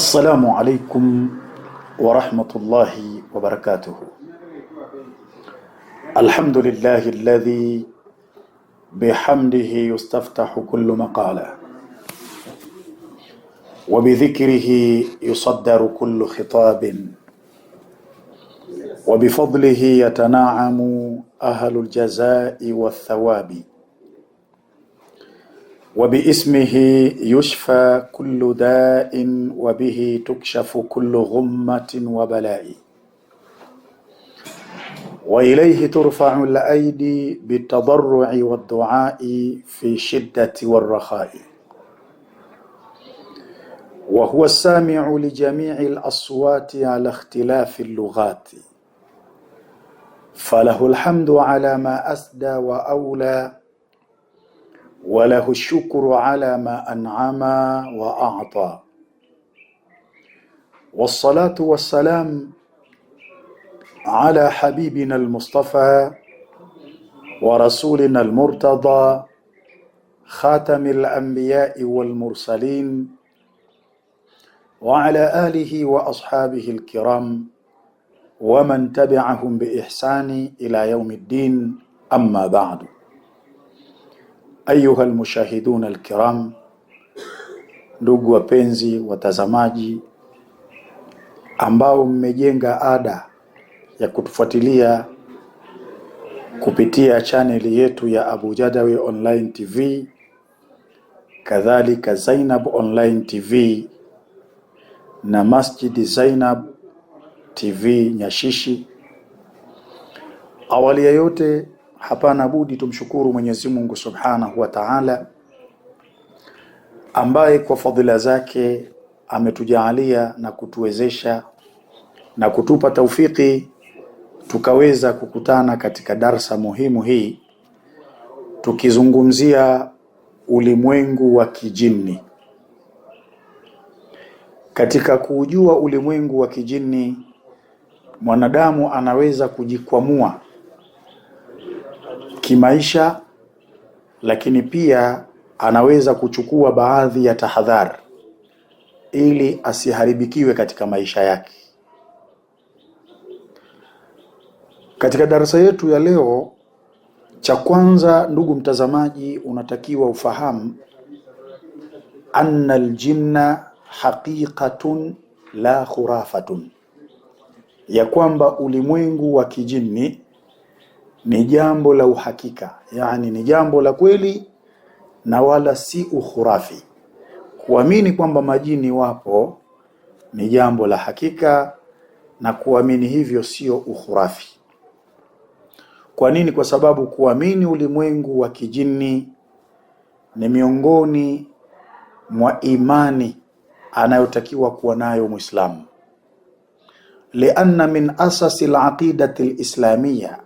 السلام عليكم ورحمة الله وبركاته الحمد لله الذي بحمده يستفتح كل مقالة وبذكره يصدر كل خطاب وبفضله يتناعم أهل الجزاء والثواب وباسمه يشفى كل داء وبه تكشف كل غمة وبلاء وإليه ترفع الأيدي بالتضرع والدعاء في الشدة والرخاء وهو السامع لجميع الأصوات على اختلاف اللغات فله الحمد على ما أسدى وأولى وله الشكر على ما انعم واعطى والصلاه والسلام على حبيبنا المصطفى ورسولنا المرتضى خاتم الانبياء والمرسلين وعلى اله واصحابه الكرام ومن تبعهم باحسان الى يوم الدين اما بعد Ayuha almushahidun alkiram, ndugu wapenzi watazamaji ambao mmejenga ada ya kutufuatilia kupitia chaneli yetu ya Abu Jadawi Online TV, kadhalika Zainab Online TV na masjid Zainab TV Nyashishi. Awali ya yote Hapana budi tumshukuru Mwenyezi Mungu Subhanahu wa Ta'ala, ambaye kwa fadhila zake ametujaalia na kutuwezesha na kutupa taufiki tukaweza kukutana katika darsa muhimu hii tukizungumzia ulimwengu wa kijini. Katika kuujua ulimwengu wa kijini, mwanadamu anaweza kujikwamua kimaisha, lakini pia anaweza kuchukua baadhi ya tahadhari ili asiharibikiwe katika maisha yake. Katika darasa yetu ya leo, cha kwanza, ndugu mtazamaji, unatakiwa ufahamu anna aljinna haqiqatun la khurafatun, ya kwamba ulimwengu wa kijini ni jambo la uhakika, yani ni jambo la kweli na wala si ukhurafi. Kuamini kwamba majini wapo ni jambo la hakika na kuamini hivyo sio ukhurafi. Kwa nini? Kwa sababu kuamini ulimwengu wa kijini ni miongoni mwa imani anayotakiwa kuwa nayo Muislamu, lianna min asasi alaqidati alislamia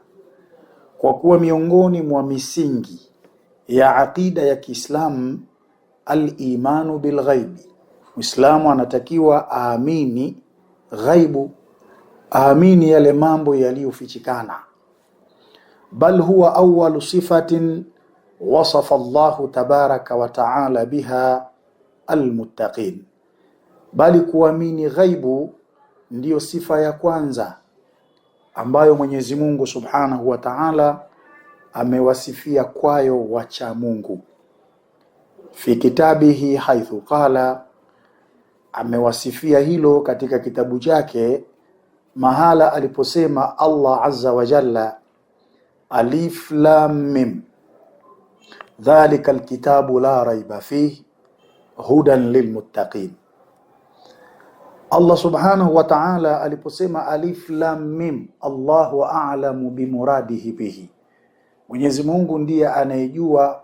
kwa kuwa miongoni mwa misingi ya aqida ya Kiislamu al-imanu bil ghaibi, Muislamu anatakiwa aamini ghaibu, aamini yale mambo yaliyofichikana. Bal huwa awwalu sifatin wasafa Allahu tabaraka wa taala biha almuttaqin, bali kuamini ghaibu ndiyo sifa ya kwanza ambayo Mwenyezi Mungu Subhanahu wa Ta'ala amewasifia kwayo wacha Mungu fi kitabihi haithu qala, amewasifia hilo katika kitabu chake mahala aliposema Allah azza wa jalla, alif lam mim dhalika alkitabu la raiba fihi hudan lilmuttaqin Allah subhanahu wa ta'ala aliposema alif lam mim, Allahu a'lamu bimuradihi bihi, Mwenyezi Mungu ndiye anayejua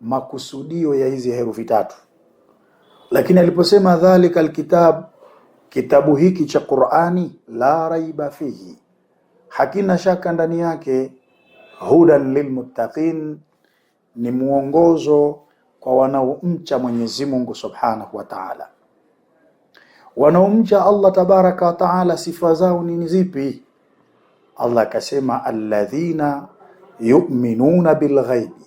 makusudio ya hizi herufi tatu. Lakini aliposema dhalika alkitab, kitabu hiki cha Qur'ani, la raiba fihi, hakina shaka ndani yake, hudan lilmuttaqin, ni muongozo kwa wanaomcha Mwenyezi Mungu subhanahu wa ta'ala wanaomcha Allah tabaraka wa taala sifa zao ni zipi? Allah akasema alladhina yu'minuna bilghaibi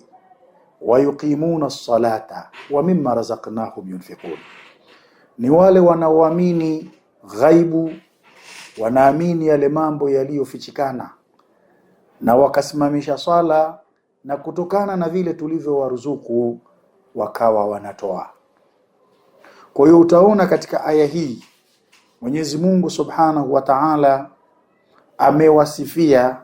wa yuqimuna as-salata wa mimma razaqnahum yunfiqun, ni wale wanaoamini ghaibu, wanaamini yale mambo yaliyofichikana na wakasimamisha swala, na kutokana na vile tulivyowaruzuku wakawa wanatoa kwa hiyo utaona katika aya hii Mwenyezi Mungu Subhanahu wa Ta'ala amewasifia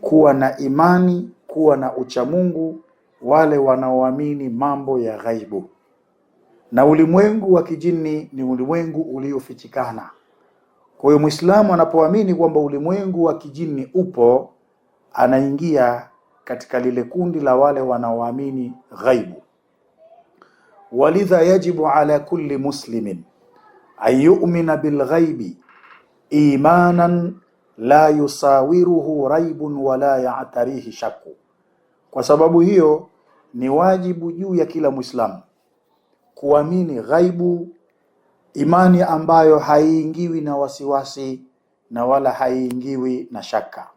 kuwa na imani, kuwa na uchamungu wale wanaoamini mambo ya ghaibu. Na ulimwengu wa kijini ni ulimwengu uliofichikana. Kwa hiyo Muislamu anapoamini kwamba ulimwengu wa kijini upo, anaingia katika lile kundi la wale wanaoamini ghaibu walidha yajibu ala kulli muslimin an yu'mina bilghaibi imanan la yusawiruhu raibun wala ya'tarihi shakku. Kwa sababu hiyo ni wajibu juu ya kila Muislamu kuamini ghaibu, imani ambayo haiingiwi na wasiwasi na wala haiingiwi na shaka.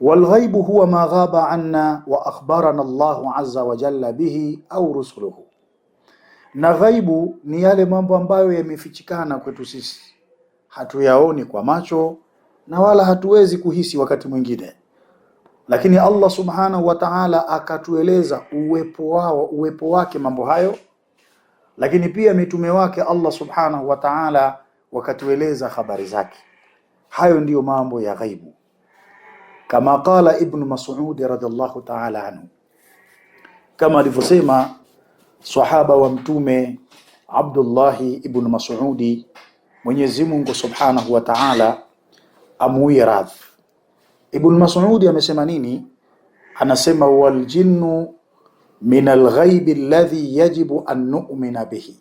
Walghaibu huwa ma ghaba anna wa akhbarana Allahu azza wa jalla bihi au rusuluhu na ghaibu ni yale mambo ambayo yamefichikana kwetu sisi, hatuyaoni kwa macho na wala hatuwezi kuhisi wakati mwingine, lakini Allah subhanahu wa ta'ala akatueleza uwepo wao, uwepo wake mambo hayo, lakini pia mitume wake Allah subhanahu wa ta'ala wakatueleza habari zake. Hayo ndiyo mambo ya ghaibu, kama qala Ibn Mas'ud radhiallahu ta'ala anhu, kama alivyosema sahaba wa Mtume Abdullahi ibn Mas'udi, Mwenyezi Mungu Subhanahu wa Ta'ala amuwie radh. Ibn Mas'udi amesema nini? Anasema wal jinnu min alghaibi alladhi yajibu an nu'mina bihi,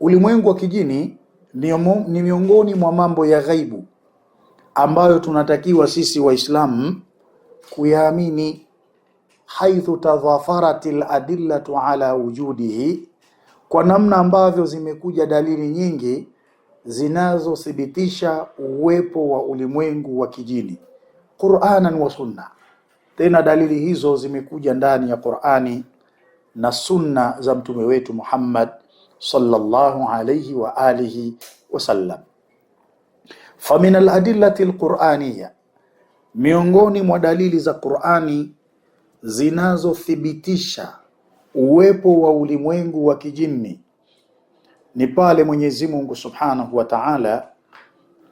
ulimwengu wa kijini ni miongoni mwa mambo ya ghaibu ambayo tunatakiwa sisi Waislamu kuyaamini haithu tadhafarat aladillatu ala wujudihi, kwa namna ambavyo zimekuja dalili nyingi zinazothibitisha uwepo wa ulimwengu wa kijini Qur'anan wa sunna. Tena dalili hizo zimekuja ndani ya Qur'ani na sunna za mtume wetu Muhammad sallallahu alayhi wa alihi wasallam. Famin aladillati alqur'aniyya, miongoni mwa dalili za Qur'ani zinazothibitisha uwepo wa ulimwengu wa kijini ni pale Mwenyezi Mungu Subhanahu wa Ta'ala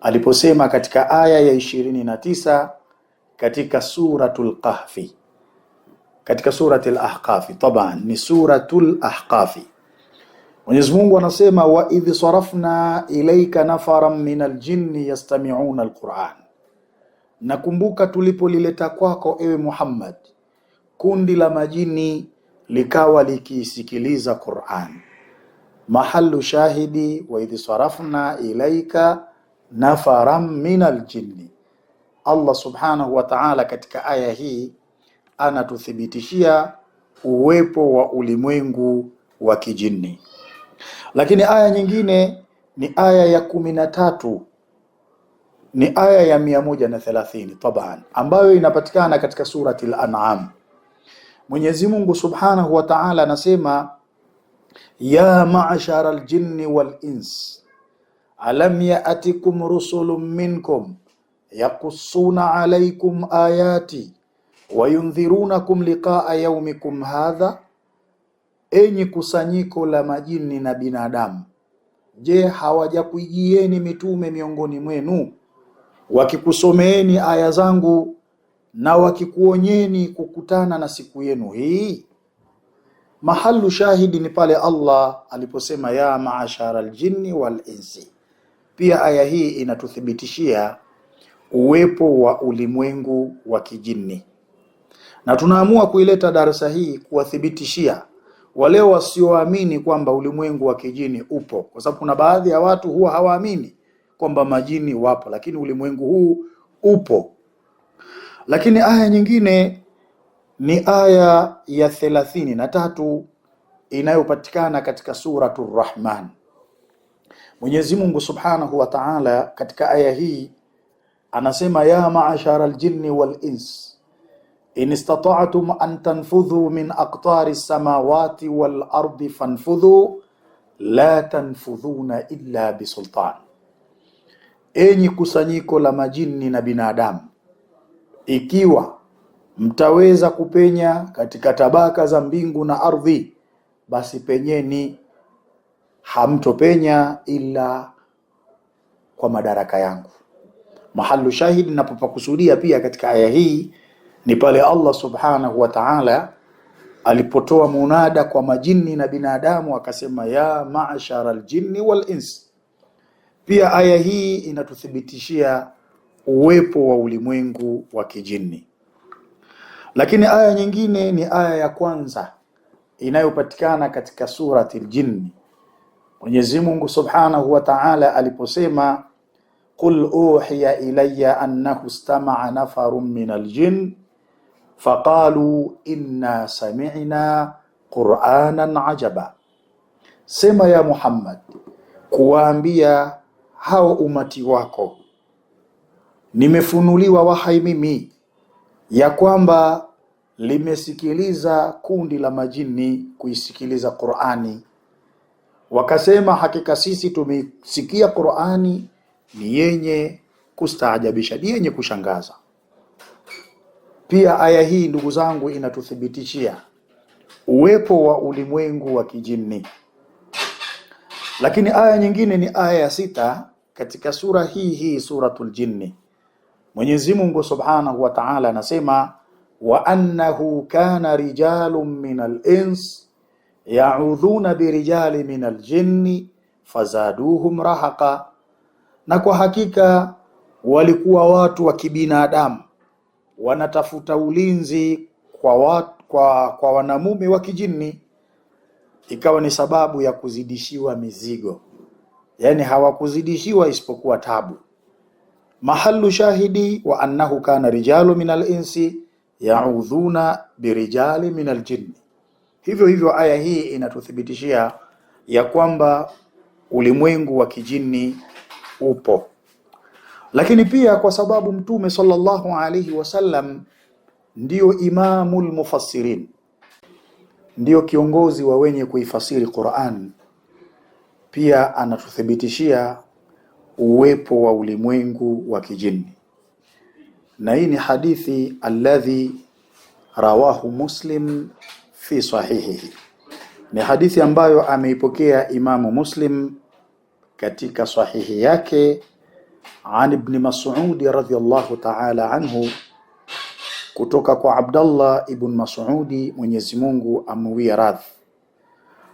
aliposema katika aya ya 29 tisa katika suratul Kahfi, katika suratul Ahqafi, taban ni suratul Ahqafi. Mwenyezi Mungu anasema wa idh sarafna ilaika nafaran min aljinni yastami'una alquran, nakumbuka tulipolileta kwako ewe Muhammad kundi la majini likawa likiisikiliza Qur'an. Mahallu shahidi wa idh sarafna ilaika nafaran min aljinni Allah subhanahu wa ta'ala katika aya hii anatuthibitishia uwepo wa ulimwengu wa kijini, lakini aya nyingine ni aya ya kumi na tatu ni aya ya mia moja na thelathini taban, ambayo inapatikana katika surati Al-An'am. Mwenyezi Mungu Subhanahu wa Ta'ala anasema ya ma'shara al-jinni wal-ins alam ya'atikum rusulun minkum yaqussuna alaykum ayati wa yundhirunakum liqa'a yawmikum hadha, enyi kusanyiko la majini na binadamu, je, hawajakujieni mitume miongoni mwenu wakikusomeeni aya zangu na wakikuonyeni kukutana na siku yenu hii. Mahalu shahidi ni pale Allah aliposema ya maashara aljinni wal insi. Pia aya hii inatuthibitishia uwepo wa ulimwengu wa kijini, na tunaamua kuileta darasa hii kuwathibitishia wale wasioamini kwamba ulimwengu wa kijini upo, kwa sababu kuna baadhi ya watu huwa hawaamini kwamba majini wapo, lakini ulimwengu huu upo. Lakini aya nyingine ni aya ya thelathini na tatu inayopatikana katika Suratu Rahman. Mwenyezi Mungu Subhanahu wa Ta'ala katika aya hii anasema, ya maashara aljinni wal ins in istata'tum an tanfudhu min aqtari samawati wal ardi fanfudhu la tanfudhuna illa bisultan, enyi kusanyiko la majini na binadamu ikiwa mtaweza kupenya katika tabaka za mbingu na ardhi, basi penyeni, hamtopenya ila kwa madaraka yangu. Mahalu shahidi napopakusudia pia katika aya hii ni pale Allah subhanahu wa ta'ala alipotoa munada kwa majini na binadamu, akasema ya ma'shara aljinni wal ins. Pia aya hii inatuthibitishia uwepo wa ulimwengu wa kijini. Lakini aya nyingine ni aya ya kwanza inayopatikana katika surati Ljinni, Mwenyezi Mungu subhanahu wa taala aliposema qul uhiya ilayya annahu stamaa nafarun min aljin faqalu inna sami'na qur'anan ajaba, sema ya Muhammad, kuwaambia hao umati wako nimefunuliwa wahai mimi ya kwamba limesikiliza kundi la majini kuisikiliza Qur'ani, wakasema hakika sisi tumesikia Qur'ani ni yenye kustaajabisha, ni yenye kushangaza. Pia aya hii ndugu zangu, inatuthibitishia uwepo wa ulimwengu wa kijini. Lakini aya nyingine ni aya ya sita katika sura hii hii, suratul Jinni. Mwenyezi Mungu Subhanahu wa Ta'ala anasema wa annahu kana rijalun al ins ya'udhuna birijali al jinni fazaduhum rahaqa, na kwa hakika walikuwa watu wa kibinadamu wanatafuta ulinzi kwa, wat, kwa, kwa wanamume wa kijini, ikawa ni sababu ya kuzidishiwa mizigo, yaani hawakuzidishiwa isipokuwa tabu mahallu shahidi wa annahu kana rijalu min al-insi yaudhuna birijali min al Hivyo hivyo aya hii inatuthibitishia ya kwamba ulimwengu wa kijini upo, lakini pia kwa sababu Mtume sallallahu alaihi wasallam ndiyo imamul mufassirin, ndio kiongozi wa wenye kuifasiri Qur'an, pia anatuthibitishia uwepo wa ulimwengu wa kijini. Na hii ni hadithi alladhi rawahu Muslim fi sahihihi, ni hadithi ambayo ameipokea Imamu Muslim katika sahihi yake an Ibni Mas'ud radhiyallahu ta'ala anhu, kutoka kwa Abdullah ibn Mas'udi, Mwenyezi Mungu amwie radhi.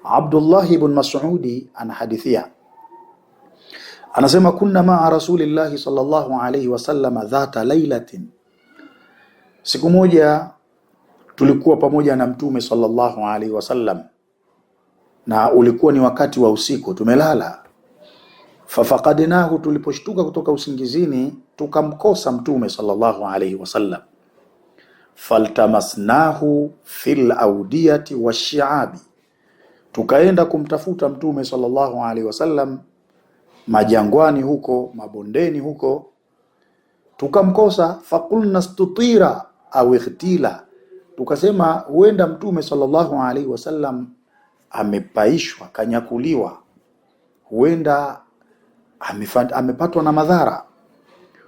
Abdullah ibn Mas'udi anahadithia anasema kunna maa rasulillahi sallallahu alaihi wasallama dhata lailatin, siku moja tulikuwa pamoja na mtume sallallahu alaihi wasallam, na ulikuwa ni wakati wa usiku, tumelala. fafakadnahu tuliposhtuka kutoka usingizini tukamkosa mtume sallallahu alaihi wasallam. Faltamasnahu fil audiyati washiabi, tukaenda kumtafuta mtume sallallahu alaihi wasallam majangwani huko, mabondeni huko, tukamkosa. Fakulna stutira au ikhtila, tukasema huenda Mtume sallallahu alaihi wasallam amepaishwa, kanyakuliwa, huenda amepatwa na madhara.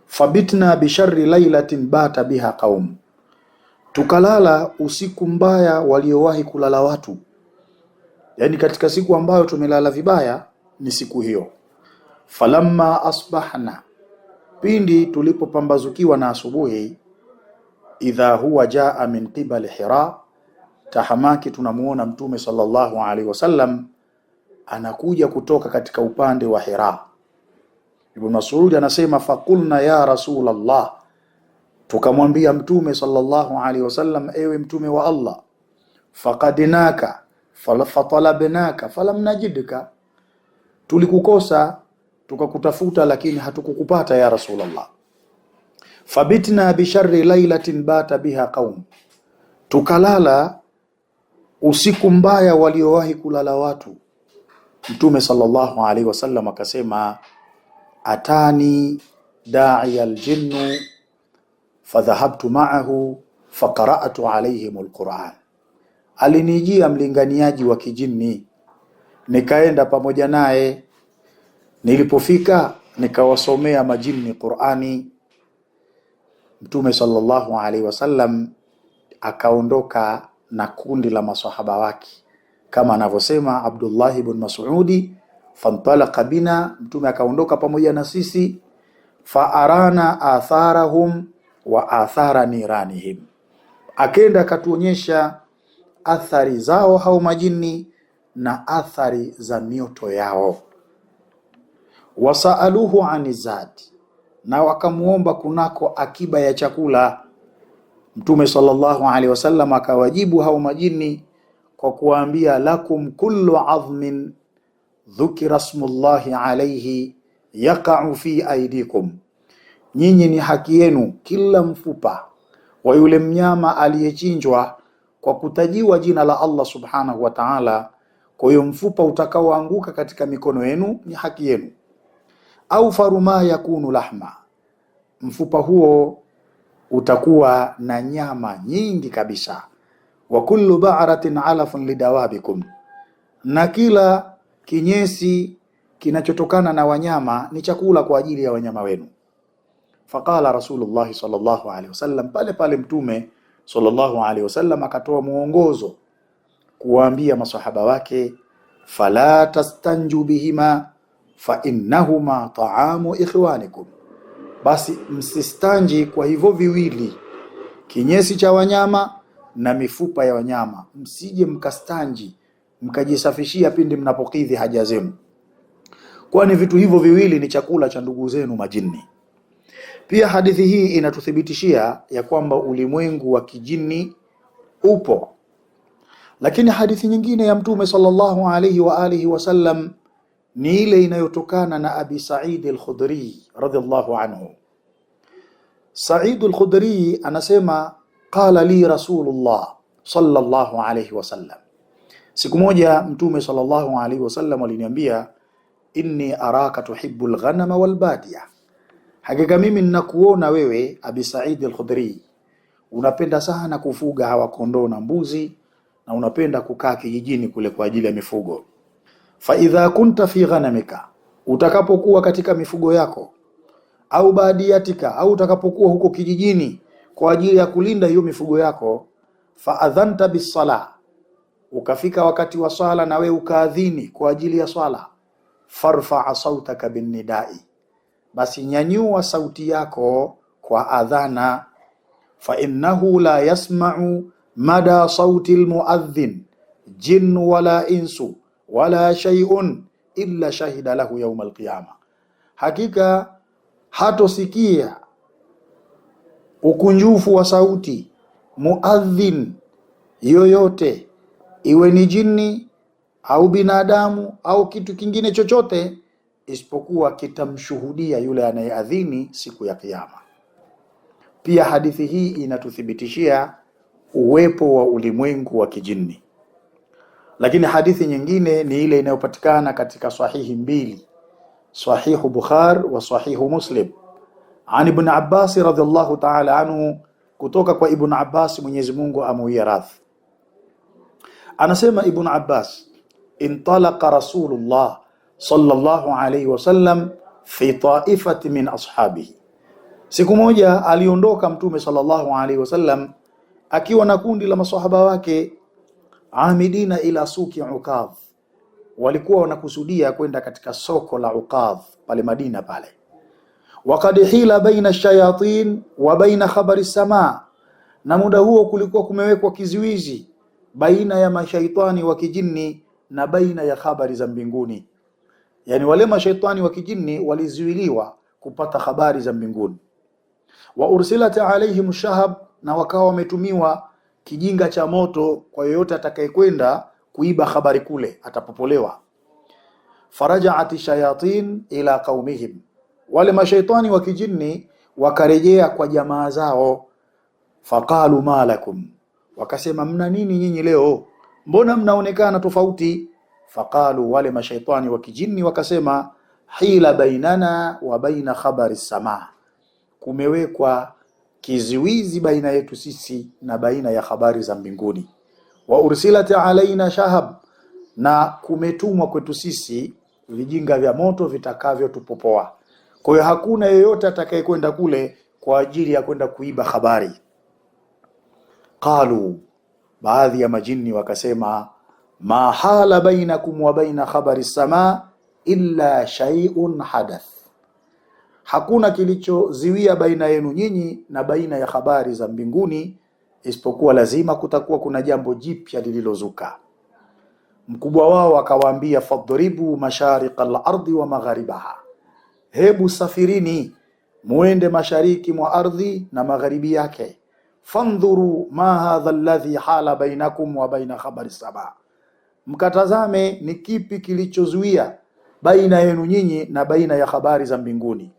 Fabitna bisharri lailatin bata biha qaum, tukalala usiku mbaya waliowahi kulala watu. Yani katika siku ambayo tumelala vibaya ni siku hiyo falamma asbahna, pindi tulipopambazukiwa na asubuhi, idha huwa jaa min qibali Hira, tahamaki tunamuona Mtume sallallahu alaihi wasallam anakuja kutoka katika upande wa Hira. Ibn Mas'ud anasema faqulna ya Rasulullah, tukamwambia Mtume sallallahu alaihi wasallam, ewe Mtume wa Allah, faqadnaka fatalabnaka falam najidka, tulikukosa tukakutafuta lakini hatukukupata ya Rasulullah. Fabitna bisharri lailatin bata biha qaum, tukalala usiku mbaya waliowahi kulala watu. Mtume sallallahu alaihi wasallam akasema, atani da'iya aljinnu fadhahabtu ma'ahu faqara'tu alaihim alquran, alinijia mlinganiaji wa kijini nikaenda pamoja naye Nilipofika nikawasomea majini Qur'ani, Mtume sallallahu alaihi wasallam akaondoka na kundi la masahaba wake, kama anavyosema Abdullah ibn Mas'udi, fantalaqa bina, Mtume akaondoka pamoja na sisi, fa arana atharahum wa athara niranihim, akenda akatuonyesha athari zao hao majini na athari za mioto yao wasaaluhu ani zadi, na wakamuomba kunako akiba ya chakula. Mtume sallallahu alaihi wasallam akawajibu hao majini kwa kuwaambia, lakum kullu adhmin dhukira smullahi alaihi yaqa'u fi aidikum, nyinyi ni haki yenu kila mfupa wa yule mnyama aliyechinjwa kwa kutajiwa jina la Allah subhanahu wa ta'ala. Kwa hiyo mfupa utakaoanguka katika mikono yenu ni haki yenu au faruma yakunu lahma, mfupa huo utakuwa na nyama nyingi kabisa. Wa kullu ba'ratin alafun lidawabikum, na kila kinyesi kinachotokana na wanyama ni chakula kwa ajili ya wanyama wenu. Faqala Rasulullahi sallallahu alaihi wasallam, pale pale Mtume sallallahu alaihi wasallam akatoa mwongozo kuwaambia masahaba wake, fala tastanju bihima fa innahuma taamu ikhwanikum, basi msistanji kwa hivyo viwili, kinyesi cha wanyama na mifupa ya wanyama, msije mkastanji mkajisafishia pindi mnapokidhi haja zenu, kwani vitu hivyo viwili ni chakula cha ndugu zenu majini. Pia hadithi hii inatuthibitishia ya kwamba ulimwengu wa kijini upo, lakini hadithi nyingine ya Mtume sallallahu alaihi wa alihi wasallam ni ile inayotokana na Abi Said al-Khudri radhiallahu anhu. Said al-Khudri anasema qala li Rasulullah sallallahu alayhi wasallam, siku moja Mtume sallallahu alayhi wasallam aliniambia inni araka tuhibbu lghanama walbadia, hakika mimi ninakuona wewe Abi Said al-Khudri unapenda sana kufuga hawa kondoo na mbuzi na unapenda kukaa kijijini kule kwa ajili ya mifugo fa idha kunta fi ghanamika, utakapokuwa katika mifugo yako au baadiyatika au utakapokuwa huko kijijini kwa ajili ya kulinda hiyo mifugo yako, fa adhanta bisala, ukafika wakati wa swala na we ukaadhini kwa ajili ya swala, farfaa sautaka binnidai, basi nyanyua sauti yako kwa adhana, fa innahu la yasma'u mada sauti almuadhdhin jinn wala insu wala shay'un illa shahida lahu yawm alqiyama, hakika hatosikia ukunjufu wa sauti muadhin yoyote, iwe ni jini au binadamu au kitu kingine chochote, isipokuwa kitamshuhudia yule anayeadhini siku ya Kiyama. Pia hadithi hii inatuthibitishia uwepo wa ulimwengu wa kijini. Lakini hadithi nyingine ni ile inayopatikana katika sahihi mbili, sahihu bukhari wa sahihu Muslim, an Ibn Abbas radhiallahu ta'ala anhu, kutoka kwa Ibn Abbas, Mwenyezi Mungu amuwie radhi, anasema Ibn Abbas, intalaqa Rasulullah sallallahu alayhi wasallam fi taifati min ashabihi, siku moja aliondoka Mtume sallallahu alayhi wasallam akiwa na kundi la masahaba wake amidina ila suki Uqadh, walikuwa wanakusudia kwenda katika soko la Uqadh pale Madina pale. Wakad hila baina shayatin wa baina khabari samaa, na muda huo kulikuwa kumewekwa kizuizi baina ya mashaitani wa kijini na baina ya habari za mbinguni. Yani wale mashaitani wa kijini walizuiliwa kupata habari za mbinguni. Wa ursilat alaihim shahab, na wakawa wametumiwa kijinga cha moto kwa yoyote atakayekwenda kuiba habari kule atapopolewa. Farajaat shayatin ila qaumihim, wale mashaitani wa kijini wakarejea kwa jamaa zao. Faqalu malakum, wakasema mna nini nyinyi leo, mbona mnaonekana tofauti? Faqalu, wale mashaitani wa kijini wakasema hila bainana wa baina khabari samaa, kumewekwa kizuizi baina yetu sisi na baina ya habari za mbinguni. wa ursilat alaina shahab, na kumetumwa kwetu sisi vijinga vya moto vitakavyotupopoa. Kwa hiyo hakuna yeyote atakayekwenda kule kwa ajili ya kwenda kuiba habari. Qalu, baadhi ya majini wakasema, mahala bainakum wa baina khabari samaa illa shay'un hadath hakuna kilichoziwia baina yenu nyinyi na baina ya habari za mbinguni isipokuwa lazima kutakuwa kuna jambo jipya lililozuka. Mkubwa wao akawaambia, fadribu mashariq al wa magharibaha, hebu safirini muende mashariki mwa ardhi na magharibi yake. Fandhuru ma hadha alladhi hala bainakum wa baina khabari sama, mkatazame ni kipi kilichozuia baina yenu nyinyi na baina ya habari za mbinguni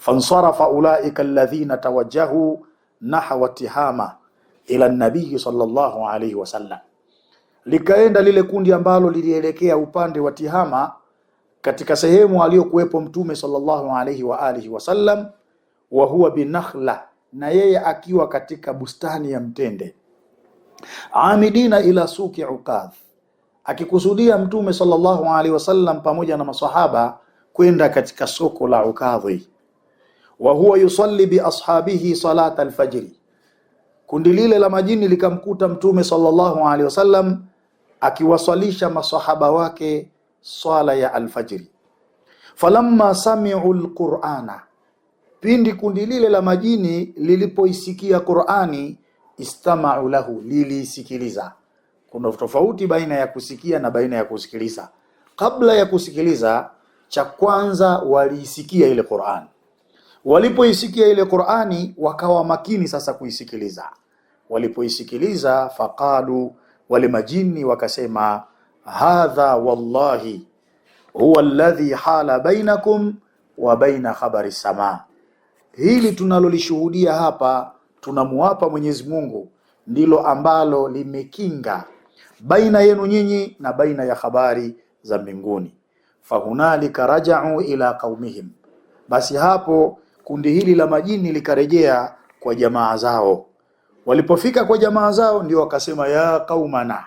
fansarafa ulaika alladhina tawajjahu nahwa tihama ila nabii sallallahu alayhi wasallam, likaenda lile kundi ambalo lilielekea upande wa Tihama katika sehemu aliyokuwepo Mtume sallallahu alayhi wa alihi wasallam, wa huwa binakhla, na yeye akiwa katika bustani ya mtende, amidina ila suki ukadh akikusudia Mtume sallallahu alayhi wasallam pamoja na masahaba kwenda katika soko la Ukadhi wa huwa yusalli bi ashabihi salata alfajri, kundi lile la majini likamkuta Mtume sallallahu alaihi wasallam akiwaswalisha masahaba wake swala ya alfajri. Falamma sami'u alqur'ana, pindi kundi lile la majini lilipoisikia Qur'ani, istama'u lahu, liliisikiliza. Kuna tofauti baina ya kusikia na baina ya kusikiliza. Kabla ya kusikiliza, cha kwanza waliisikia ile Qur'ani Walipoisikia ile Qur'ani wakawa makini sasa kuisikiliza. Walipoisikiliza faqalu, wale majini wakasema, hadha wallahi huwa alladhi hala bainakum wa baina khabari sama, hili tunalolishuhudia hapa tunamuapa Mwenyezi Mungu ndilo ambalo limekinga baina yenu nyinyi na baina ya habari za mbinguni. Fahunalika rajau ila qaumihim, basi hapo kundi hili la majini likarejea kwa jamaa zao. Walipofika kwa jamaa zao, ndio wakasema ya qaumana,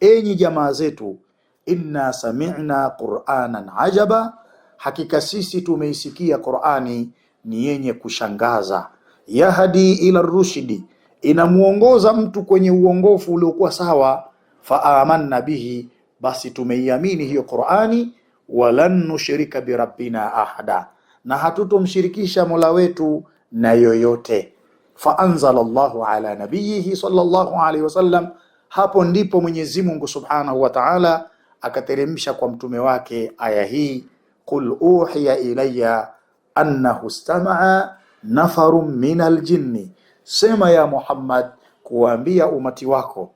enyi jamaa zetu, inna sami'na qur'anan ajaba, hakika sisi tumeisikia Qur'ani ni yenye kushangaza. Yahdi ila rushdi, inamuongoza mtu kwenye uongofu uliokuwa sawa. Faamanna bihi, basi tumeiamini hiyo Qur'ani. Walan nushrika birabbina ahada na hatutomshirikisha Mola wetu na yoyote. Fa anzala llahu ala nabiyihi sallallahu alaihi wasallam, hapo ndipo Mwenyezi Mungu Subhanahu wa Ta'ala akateremsha kwa mtume wake aya hii, qul uhiya ilayya annahu stamaa nafarun min aljinni, sema ya Muhammad, kuwaambia umati wako,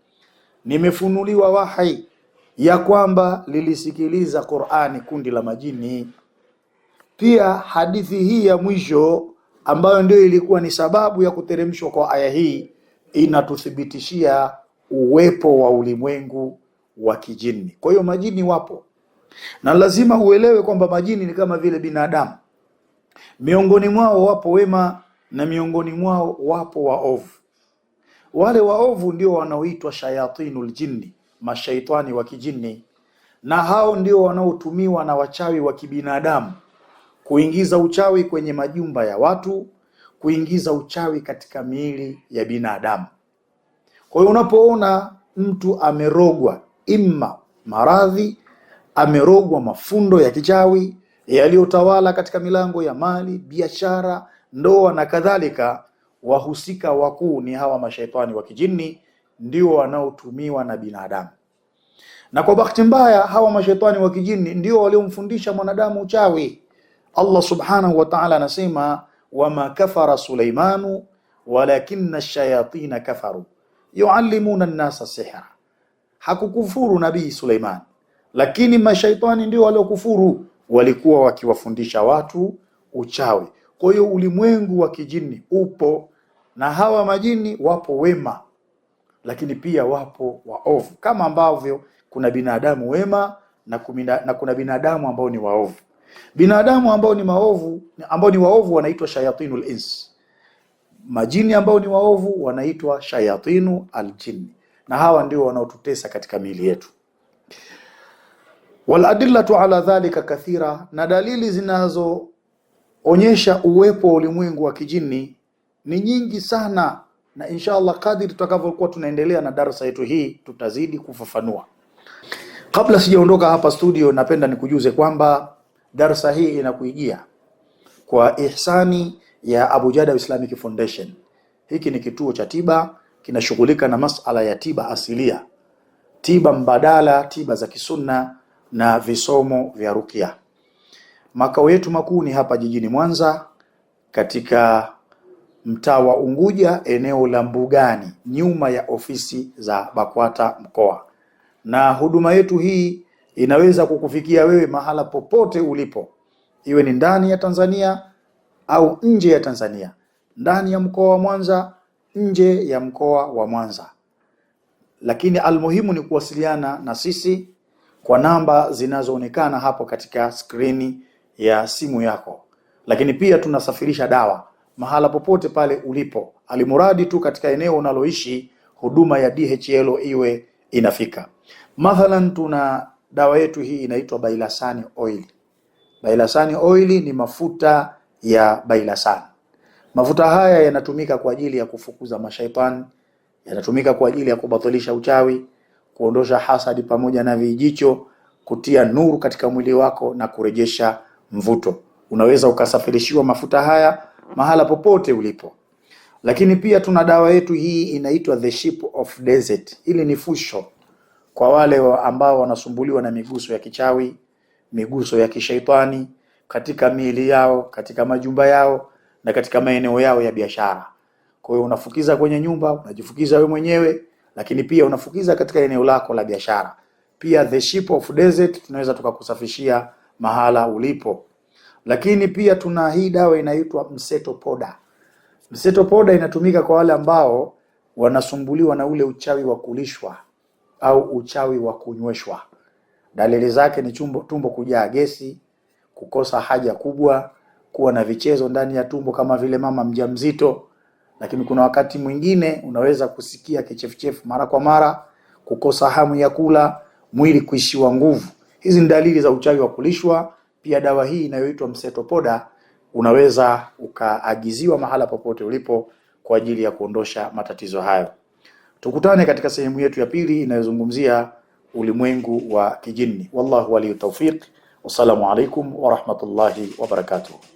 nimefunuliwa wahai ya kwamba lilisikiliza Qur'ani kundi la majini pia hadithi hii ya mwisho ambayo ndio ilikuwa ni sababu ya kuteremshwa kwa aya hii inatuthibitishia uwepo wa ulimwengu wa kijini. Kwa hiyo majini wapo, na lazima uelewe kwamba majini ni kama vile binadamu, miongoni mwao wapo wema na miongoni mwao wapo waovu. Wale waovu ndio wanaoitwa shayatinul jinni, mashaitani wa kijini, na hao ndio wanaotumiwa na wachawi wa kibinadamu kuingiza uchawi kwenye majumba ya watu, kuingiza uchawi katika miili ya binadamu. Kwa hiyo unapoona mtu amerogwa imma maradhi, amerogwa mafundo ya kichawi yaliyotawala katika milango ya mali, biashara, ndoa na kadhalika, wahusika wakuu ni hawa mashaitani wa kijini, ndio wanaotumiwa na binadamu. Na kwa bahati mbaya hawa mashaitani wa kijini ndio waliomfundisha mwanadamu uchawi. Allah subhanahu wa ta'ala anasema wama kafara Sulaimanu walakina shayatina kafaru yuallimuna nnasa sihra, hakukufuru nabii Suleiman, lakini mashaitani ndio waliokufuru, walikuwa wakiwafundisha watu uchawi. Kwa hiyo ulimwengu wa kijini upo na hawa majini wapo wema, lakini pia wapo waovu, kama ambavyo kuna binadamu wema na kuna binadamu ambao ni waovu. Binadamu ambao ni maovu, ambao ni waovu wanaitwa shayatinul ins, majini ambao ni waovu wanaitwa shayatinu aljini, na hawa ndio wanaotutesa katika miili yetu. Waladillatu ala dhalika kathira, na dalili zinazoonyesha uwepo wa ulimwengu wa kijini ni nyingi sana, na insha Allah kadri tutakavyokuwa tunaendelea na darasa yetu hii tutazidi kufafanua. Kabla sijaondoka hapa studio, napenda nikujuze kwamba darsa hii inakujia kwa ihsani ya Abu Jada Islamic Foundation. Hiki ni kituo cha tiba kinashughulika na masala ya tiba asilia, tiba mbadala, tiba za kisunna na visomo vya rukia. Makao yetu makuu ni hapa jijini Mwanza, katika mtaa wa Unguja, eneo la Mbugani, nyuma ya ofisi za Bakwata mkoa, na huduma yetu hii inaweza kukufikia wewe mahala popote ulipo, iwe ni ndani ya Tanzania au nje ya Tanzania, ndani ya mkoa wa Mwanza, nje ya mkoa wa Mwanza. Lakini almuhimu ni kuwasiliana na sisi kwa namba zinazoonekana hapo katika skrini ya simu yako. Lakini pia tunasafirisha dawa mahala popote pale ulipo, alimuradi tu katika eneo unaloishi huduma ya DHL iwe inafika. Mathalan tuna dawa yetu hii inaitwa bailasani oil. Bailasani oil ni mafuta ya bailasani. Mafuta haya yanatumika kwa ajili ya kufukuza mashaitani, yanatumika kwa ajili ya kubatilisha uchawi, kuondosha hasadi pamoja na vijicho, kutia nuru katika mwili wako na kurejesha mvuto. Unaweza ukasafirishiwa mafuta haya mahala popote ulipo. Lakini pia tuna dawa yetu hii inaitwa the Ship of desert. Hili ni fusho kwa wale wa ambao wanasumbuliwa na miguso ya kichawi, miguso ya kishaitani katika miili yao, katika majumba yao na katika maeneo yao ya biashara. Kwa hiyo unafukiza kwenye nyumba, unajifukiza wewe mwenyewe, lakini pia unafukiza katika eneo lako la biashara. Pia the ship of desert tunaweza tukakusafishia mahala ulipo. Lakini pia tuna hii dawa inaitwa mseto poda. Mseto poda inatumika kwa wale ambao wanasumbuliwa na ule uchawi wa kulishwa au uchawi wa kunyweshwa. Dalili zake ni chumbo, tumbo kujaa gesi, kukosa haja kubwa, kuwa na vichezo ndani ya tumbo kama vile mama mjamzito. Lakini kuna wakati mwingine unaweza kusikia kichefuchefu mara kwa mara, kukosa hamu ya kula, mwili kuishiwa nguvu. Hizi ni dalili za uchawi wa kulishwa. Pia dawa hii inayoitwa msetopoda unaweza ukaagiziwa mahala popote ulipo kwa ajili ya kuondosha matatizo hayo. Tukutane katika sehemu yetu ya pili inayozungumzia ulimwengu wa kijini. Wallahu waliyu tawfiq. Wassalamu alaikum wa rahmatullahi